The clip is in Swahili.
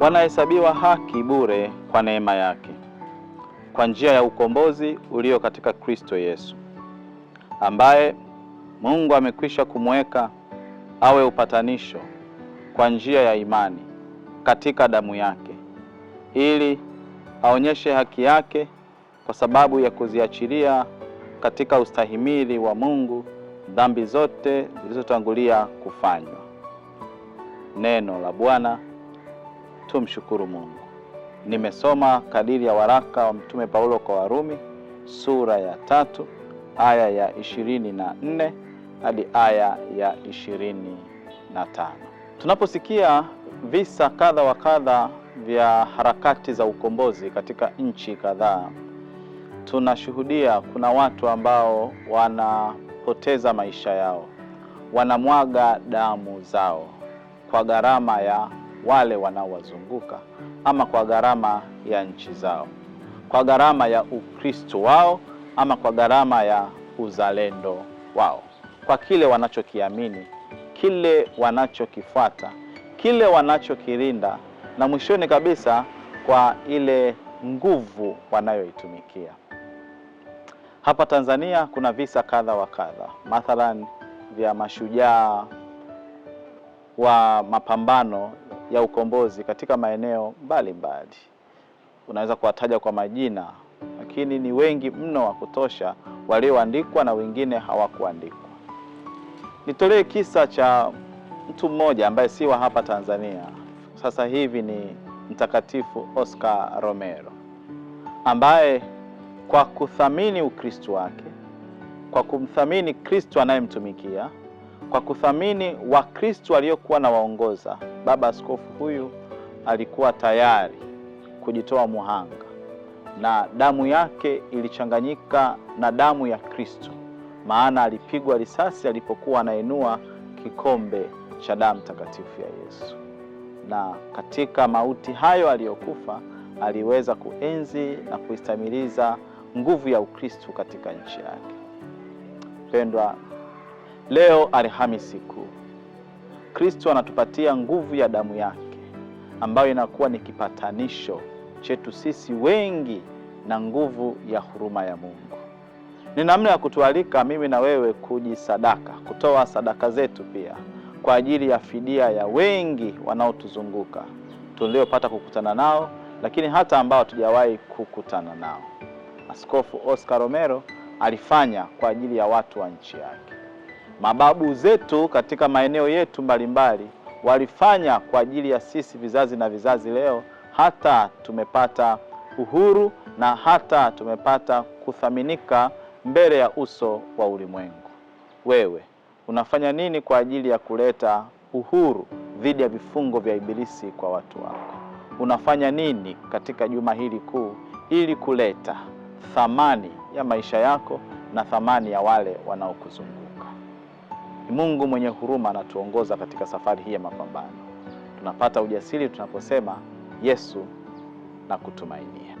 wanahesabiwa haki bure kwa neema yake kwa njia ya ukombozi ulio katika Kristo Yesu, ambaye Mungu amekwisha kumweka awe upatanisho kwa njia ya imani katika damu yake, ili aonyeshe haki yake kwa sababu ya kuziachilia katika ustahimili wa Mungu dhambi zote zilizotangulia kufanywa. Neno la Bwana tumshukuru Mungu. Nimesoma kadiri ya waraka wa Mtume Paulo kwa Warumi sura ya tatu aya ya ishirini na nne hadi aya ya ishirini na tano. Tunaposikia visa kadha wa kadha vya harakati za ukombozi katika nchi kadhaa, tunashuhudia kuna watu ambao wanapoteza maisha yao, wanamwaga damu zao kwa gharama ya wale wanaowazunguka ama kwa gharama ya nchi zao, kwa gharama ya Ukristo wao ama kwa gharama ya uzalendo wao, kwa kile wanachokiamini, kile wanachokifuata, kile wanachokirinda na mwishoni kabisa kwa ile nguvu wanayoitumikia. Hapa Tanzania kuna visa kadha wa kadha, mathalan vya mashujaa wa mapambano ya ukombozi katika maeneo mbalimbali. Unaweza kuwataja kwa majina, lakini ni wengi mno wa kutosha walioandikwa na wengine hawakuandikwa. Nitolee kisa cha mtu mmoja ambaye si wa hapa Tanzania, sasa hivi ni Mtakatifu Oscar Romero ambaye kwa kuthamini Ukristo wake, kwa kumthamini Kristo anayemtumikia kwa kuthamini Wakristo waliokuwa na waongoza. Baba askofu huyu alikuwa tayari kujitoa muhanga na damu yake ilichanganyika na damu ya Kristo, maana alipigwa risasi alipokuwa anainua kikombe cha damu takatifu ya Yesu. Na katika mauti hayo aliyokufa aliweza kuenzi na kuistamiliza nguvu ya Ukristo katika nchi yake. Pendwa Leo Alhamisi Kuu, Kristo anatupatia nguvu ya damu yake ambayo inakuwa ni kipatanisho chetu sisi wengi na nguvu ya huruma ya Mungu. Ni namna ya kutualika mimi na wewe kujisadaka, kutoa sadaka zetu pia kwa ajili ya fidia ya wengi wanaotuzunguka tuliopata kukutana nao, lakini hata ambao hatujawahi kukutana nao. Askofu Oscar Romero alifanya kwa ajili ya watu wa nchi yake. Mababu zetu katika maeneo yetu mbalimbali walifanya kwa ajili ya sisi vizazi na vizazi, leo hata tumepata uhuru na hata tumepata kuthaminika mbele ya uso wa ulimwengu. Wewe unafanya nini kwa ajili ya kuleta uhuru dhidi ya vifungo vya Ibilisi kwa watu wako? Unafanya nini katika juma hili kuu ili kuleta thamani ya maisha yako na thamani ya wale wanaokuzunguka? Ni Mungu mwenye huruma anatuongoza katika safari hii ya mapambano. Tunapata ujasiri tunaposema Yesu na kutumainia.